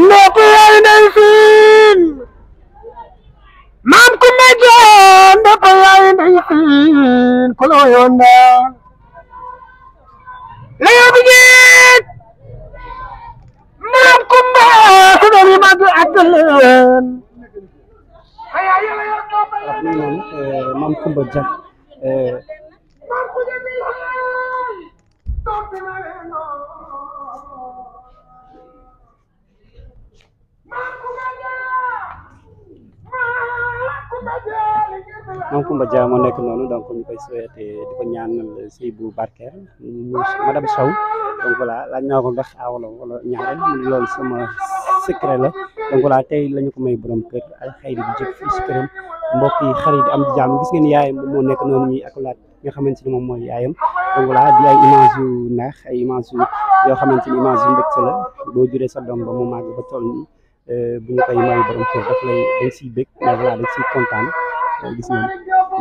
ndoxu yaay ndey siin maam ku ma joon ndoxu yaay ndey siin ku la woyoon daal la yóbbu jiit maam ku ma su doon yi maa ngi àggal leen. maam Kumba Dia. moom Koumba Dia nekk noonu donc ñu koy souhaité di ko ñaanal sëy bu barkeel madame Sow donc voilà laaj naa ko ndax awala wala ñaareel sama secret la donc voilà tey la ko may borom kër ak xëy di jëkk fii si xarit am jàmm gis ngeen yaayam moom moo nekk noonu ñuy akulaat nga xamante ni moom mooy yaayam donc voilà di ay image yu neex ay image yu yoo xamante ni image yu mbégte la boo juree sa doom ba mu màgg ba toll euh, bu ñu koy may borom kër daf lay dañ siy bég mais voilà gis nañ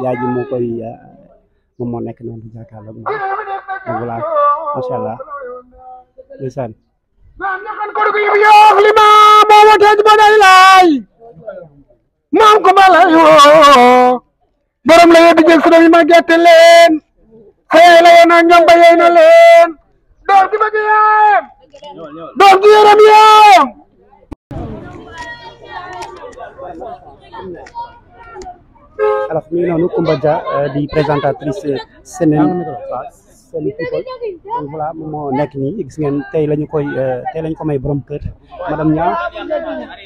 yaay ji moo koy moom moo nekk noonu di jàkkaarloo moom donc voilà macha allah ndeysaan maam ko ma lay woo la yee di jël yi ma gerte leen xëy la yee naa ba yey na leen doom di bëgg yaayam doom alors mi ngi noonu Coumba di présentatrice Senene waaw euh, Senene People moom moo nekk nii gis ngeen tey lañu koy euh, tey lañu ko may borom kër madame Niang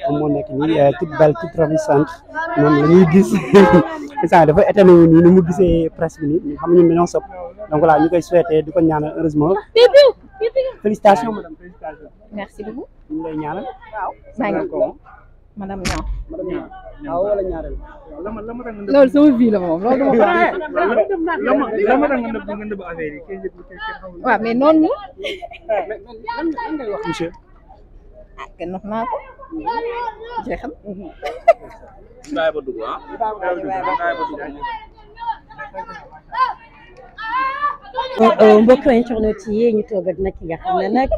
moom moo nekk nii euh, toute belle toute ravissante moom la ñuy gis instant dafa étonné wu nii ni mu gisee presse bi nii xam ñun dañoo sopp donc voilà ñu koy souhaité di ko ñaanal heureusement félicitations madame félicitations. merci beaucoup madame Niang. madame Niang waaw ah, wala ñaareel. loolu sama vie la moom loolu dama ko. waaw mais noonu. Ah, lan ngay wax monsieur. ah kenn wax naa ko. jeexal. bàyyi ba dugg ah. bàyyi ba dugg mbokk euh, euh, internet yi ñu toog ak nag ki nga xam ne nag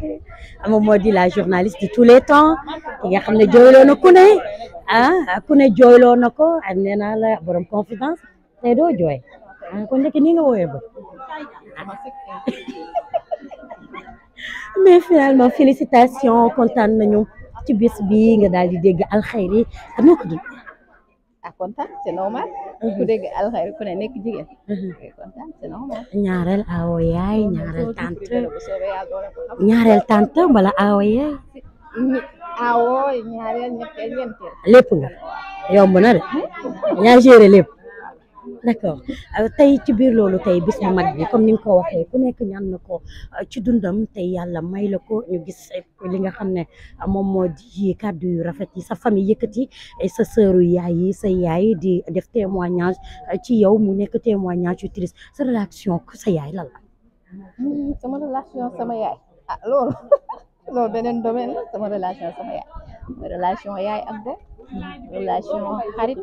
moom moo di la journaliste de tous les temps ki nga xam ne jooyloo na ku ne a ku ne jooyloo na ko am nee naa la borom confidence te doo jooy ah kon nekk nii nga wooyee ba mais finalement félicitations kontaan nañu ci bis bi nga daal di dégg alxayri noo ko dund kontaan c'est normal ku uh-huh. dégg alxayri ku ne nekk jigéen uh-huh. kontaan ñaareel awo wala awo yaay nga yomb na de yaa géré lépp d'accord euh, tey ci biir loolu tey bis bu mag bi comme ni nga ko waxee ku nekk ñaan na ko euh, ci dundam tey yàlla may la ko ñu gis euh, li nga xam ne moom moo di kàddu yu rafet yi sa famille yëkkati sa sëru yaay yi sa yaay di def témoignage ci yow mu nekk témoignage yu triste sa relation sa yaay lan hmm, sama relation sama yaay ah loolu loolu beneen domaine sama relation sama yaay relation yaay ak doom. relation xarit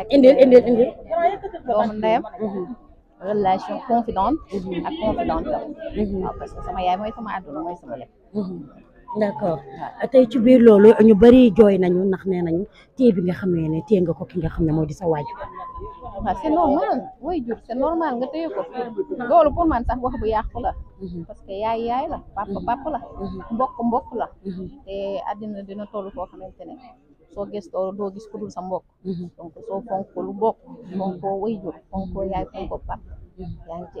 ak indil indil indil doomu ndeyam relation confidente ak confidente la mhm. parce que sama yaay mooy sama àdduna mooy sama lépp mhm. d'accord tey ci biir loolu ñu bari jooy nañu ndax nee nañu téye bi nga xam ne ne téye nga ko ki nga xam ne moo di sa waajur waaw c'est normal mooy normal wax bu yàqu la mhm. parce que yaay yaay la papa papa la mbokk mbokk la te àddina dina toll koo xamante ne soo gëstoo doo gis ku dul sa mbokk donc soo fonkoo lu bokk fonkoo wayjur yaay fonkoo pap yaa ngi ci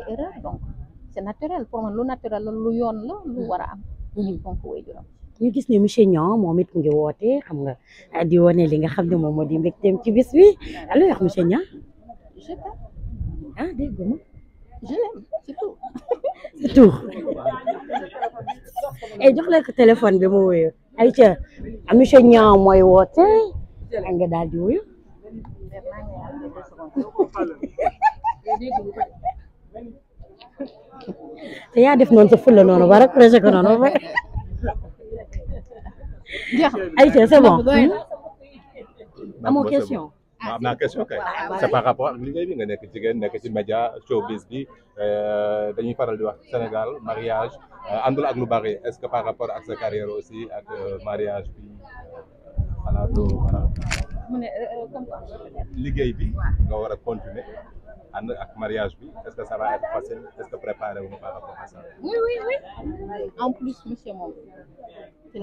lu naturel lu yoon la lu mm-hmm. war a am ñu fonk wayjuram ñu gis ne monsieur Niang moom it mu ngi woote xam nga di wone li nga xam ne moom moo di mbégteem ci bi alors wax monsieur Niang je t'aime ah dégg nga je l'aime c'est tout c'est tout eh, jox bi mu ay ah, monsieur Niang mooy woote a daal di wuyu te yaa def noonu sa noonu ba rek projet ko noonu ba ayca c'est bon hmm? amoo question Ah, ma am naa question kay c'est par rapport ak liggéey bi nga nekk jigéen nekk ci média showbiz bi euh, dañuy faral di wax Sénégal mariage euh, àndul ak lu bari est-ce que par rapport ak sa carrière aussi ak euh, mariage bi xalaatoo mu ne euh, euh, liggéey bi nga war a continuer ànd ak mariage bi est-ce que ça va être facile est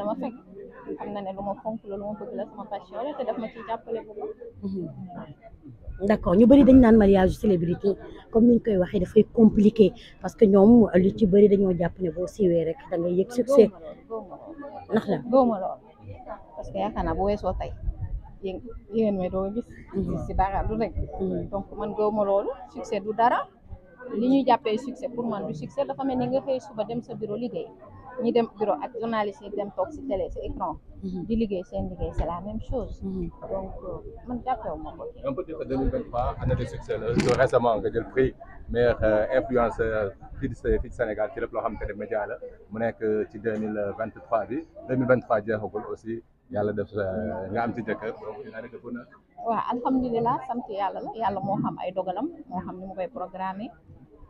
ma fekk xam na ne lu ma te daf ma ciy jàppale bu baax. Mhm. d'accord ñu bari dañ naan mariage célébrité comme niñ koy waxee dafay compliqué parce que ñoom lu ci bëri dañoo jàpp ne boo siiwee rek da ngay yëg succès. ndax la góoma lool tey. yéen may doo si mhm. dara du rek mhm. donc man gëwma loolu succès du dara li ñuy jàppee succès pour man du succès dafa mel ni nga xëy suba dem sa bureau liggéey ñi dem bureau ak journaliste yi dem toog si télé si écran mhm. di liggéey seen liggéey c'est la même chose donc euh, man jàppewu ma ko on peut dire que 2023 année succès la récemment nga jël prix meilleur euh, influenceur fii fii Sénégal ci lépp loo xamante ne média la mu nekk ci 2023 bi 2023 jeexagul aussi yàlla def sa euh, nga am ci jëkkër donc daanaka bu na. waaw alhamdulilah sant yàlla yàlla moo xam ay dogalam moo xam ni mu koy programmé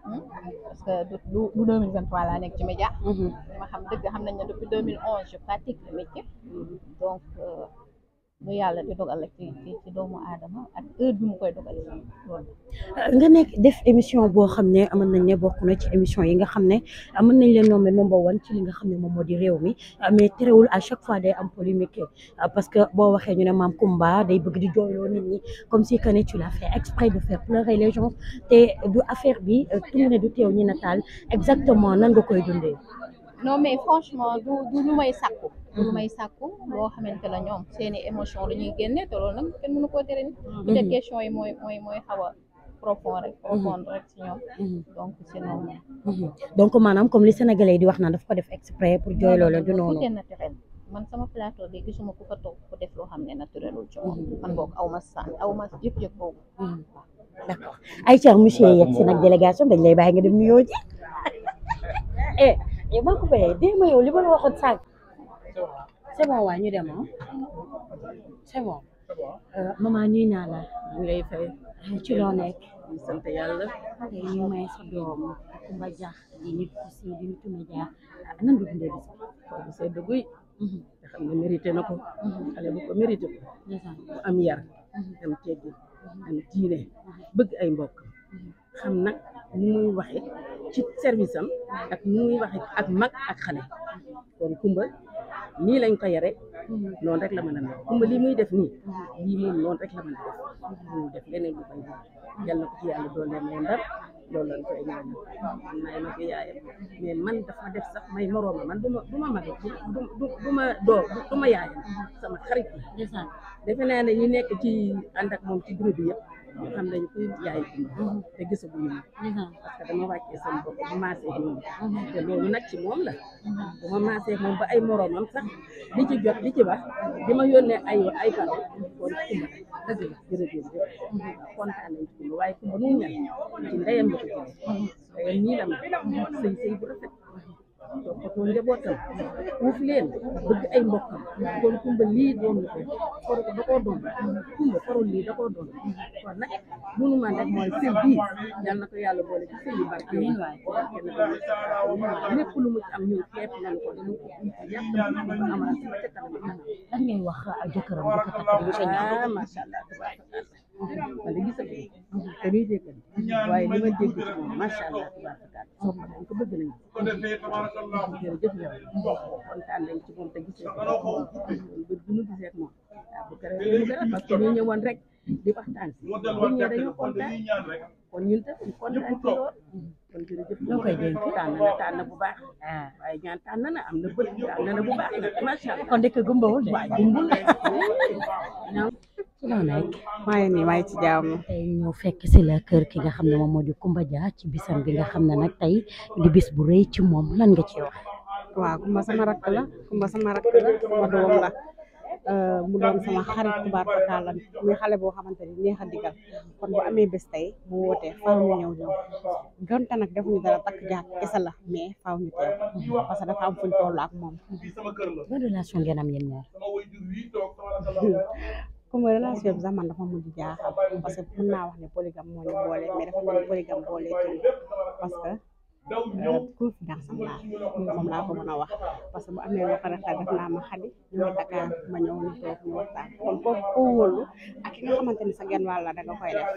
hmm? parce que du du deux mille vingt nekk ci média. Mhm. ma xam dëgg xam nañ ne depuis deux mille onze je pratique le métier mhm. donc. Euh, ba yàlla di dogal ci ci doomu aadama ak heure bi mu koy dogal loolu nga nekk def émission boo xam ne mën nañ ne bokk ci émission yi nga xam ne mën nañ leen nommer number one ci li nga xam ne moom moo di réew mi mais terewul a chaque fois day am polémique parce que boo waxee ñu ne maam Kumba day bëgg di jooyloo comme si que ne tu l'as fait exprès de faire pleurer les te du affaire bi euh, tourné du teew ñi nataal exactement nan nga koy dundee non mais franchement du du may sàkku du lu may sàkku boo xamante la ñoom seeni émotion la ñuy génne te loolu nag kenn mënu koo tere ni mm-hmm. mooy mooy mooy xaw a profond rek mm-hmm. mm-hmm. donc c'est normal donc maanaam comme li sénégalais di wax naan daf ko def exprès pour jooy loolu du noonu man sama plateau bi gisuma ku fa toog ku def loo xam ne naturelul ci moom man boog aw ma sànni aw jëf-jëf boobu ay cher monsieur yegg si nag délégation dañ lay bàyyi nga dem nuyoo ji eh, yow maa ko bayee démb yow li ma la waxoon sànq c'est bon waa ñu dem ah euh, naa la ñu lay fay ah, ci loo nekk ñu sant yàlla xale ñu may sa doom Kumba Jaax di nit ku siiw di nitu média ah, nan du dundee bis bi see dugguy nga na ko mhm. xale bu am yar mhm. mhm. am diine bëgg ay mbokk xam nag nu muy waxee ci service am ak nu muy waxee ak mag ak xale kon Kumba nii lañ ko yare noonu rek la mën a mel Kumba lii muy def nii lii moom noonu rek la mën a def mu def leneen lu koy yal na ko ci yàlla doon leen leen loolu lañ koy ñaan may ma ko yaayam mais man def sax may morooma man du ma du ma mag du ma doo du ma yaayam sama xarit la defe naa ne ñu nekk ci ànd moom ci groupe bi yëpp ñu xam nañ kuy jaay dund te gisaguñu ma mm-hmm. parce que dama wàccee seen bopp bu maasee ak moom mm-hmm. te loolu nag ci moom la bu mm-hmm. ma maasee ak moom ba ay moroomam sax di ci jot di ci ba di ma yónnee ay ay parole kon kumba dëgg la jërëjëf kontaan nañ ci waaye kumba nu mel ci ndeyam la ko jëlee nii la ma sëy sëy bu rafet toppatoo njabootam uuf leen bëgg ay mbokkam kon kumba lii doon ko koro ko da koo doon kumba koro lii da koo doon kon nag munu man rek na ko yàlla boole ci sëy yu barke yi barke na ko lépp am ñun xeeb nañu ko dañu ko ngay wax ak jëkkëram bu ko takk bu sañ macha allah man de gis nga ko dañuy dégg bëgg nañ ko jërëjëf yow kontaan nañ ci moom te gis nañ ko bu ñu gisee moom waaw bu kere parce que ñu ñëwoon rek di waxtaan si bu ñëwee dañoo kontaan kon ñun tam kontaan ci lool kon jërëjëf ñoo koy dégg tànn bu baax ah, waaye ñaan tànn na am na bët tànn na bu baax nag macha allah kon dëkk gumbawul de waaye gumbul noo nekk maa ngi nii maa ci jàmm tey fekk si la kër ki nga xam ne moom moo di Kumba Dia ci bisam bi nga xam ne nag tey di bis bu rëy ci moom lan nga ci wax waaw Kumba sama rakk la Kumba sama rakk la sama doom la euh, mu doon sama xarit tubaab fakkaala muy xale boo xamante ni neex a digal kon amee bés tey bu wootee ñëw ñëw takk jaat kese la mais faaw ñu teew parce que dafa am ak moom. ma relation ngeen am yéen ñaar. xam nga relation bi sax man dafa mujj jaaxal parce que mën naa ne polygame moo ñu boole mais dafa mel ni polygame parce que Euh, confidence am moom laa ko mën a wax parce que bu amee loo xam ne ma xadi ñu ma Dakar ma ñëw ñu toog ñu waxtaan kon koo ko wóolu ak ki nga xamante ni sa genn la da koy def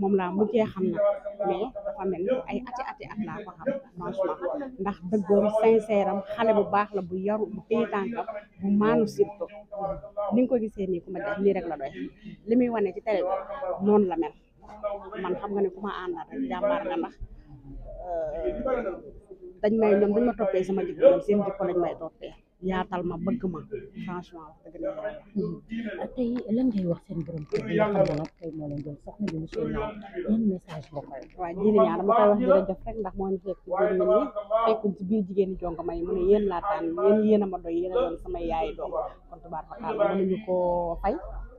moom laa mujjee xam nag mais dafa mel ni ay ati ati at laa ko xam franchement ndax dëggoom sincère am xale bu baax la bu yaru bu téye ko gisee nii ku ma rek la doy li muy wane ci télé bi la mel man xam nga ne ku ma àndal nga ndax dañ may ñoom dañ ma toppee sama jikko ñoom lañ may toppee yaatal ma bëgg ma franchement wax dëgg la yàlla hmm. tey lan ngay wax seen borom kër gi nga xam ne nag tey moo leen jël soxna bi monsieur Niang yan message nga koy waaw jili ñaa dama koy wax jërëjëf rek ndax moo ñu fekk ci biir nit ñi fekkul ci biir jigéen ñi jong may mu ne yéen laa ma doy yéen a doon samay yaay doom kon fay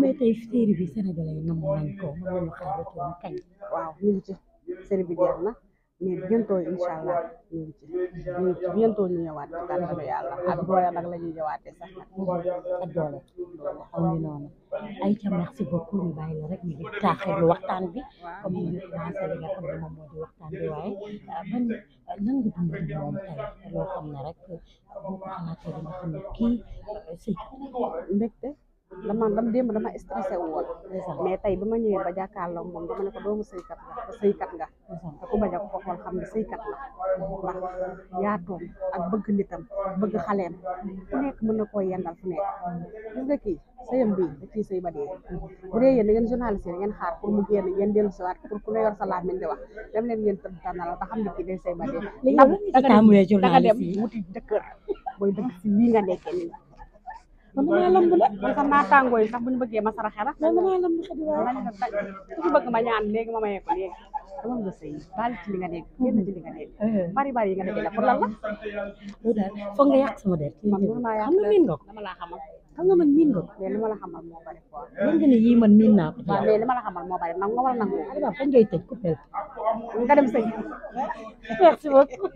mais tey série bi sénégalais nam nañ ko loolu xaaratoon waaw ñu ci série bi jeex na mais bientôt incha allah ñu ngi ci ñu ngi nag la ñuy ñëwaatee sax nag ak doole loolu xam ñu noonu Aïcha merci beaucoup ñu bi comme ñu ngi di waxtaan bi waaye ah, man nan nga dund dama dam démb dama stressé woon mais tey bi ma ñëwee ba jàkkaarloo moom dama ne ko doomu sëykat nga te sëykat nga te ku bañ a ko xool xam ne sëykat la ndax yaatoom ak bëgg nitam bëgg xaleem ku nekk mën na koo yendal fu nekk gis nga kii sëyam bii da ciy sëy ba dee bu dee yéen da ngeen journaliste ngeen xaar pour mu génn ngeen dellu si waat pour ku ne yor sa laaj min di wax dem leen ngeen tëdd tànnal ba xam ne kii day sëy ba dee da nga dem wuti jëkkër booy dëkk si lii nga nekkee nii man damaa lamb de man sax naa tàngoo yi sax bu ñu bëggee ma saraxe la man damaa lamb xëy na ku ci bëgg ma ñaan léegi ma mayee ko léegi dama nga sëy baal ci li nga nekk hmm. génn ci li nga nekk bari bari yi nga dajale pour lan la loolu daal foog nga yàq sama der man mën naa yàq xam nga miin nga ko dama laa xamal xam nga man miin nga ko mais li ma la xamal moo bari quoi mën nga ne yii man miin naa ko waaw mais li ma la xamal moo bari nag nga war a nangu waaw kañ ngay tëj ku fel nga dem sëy merci beaucoup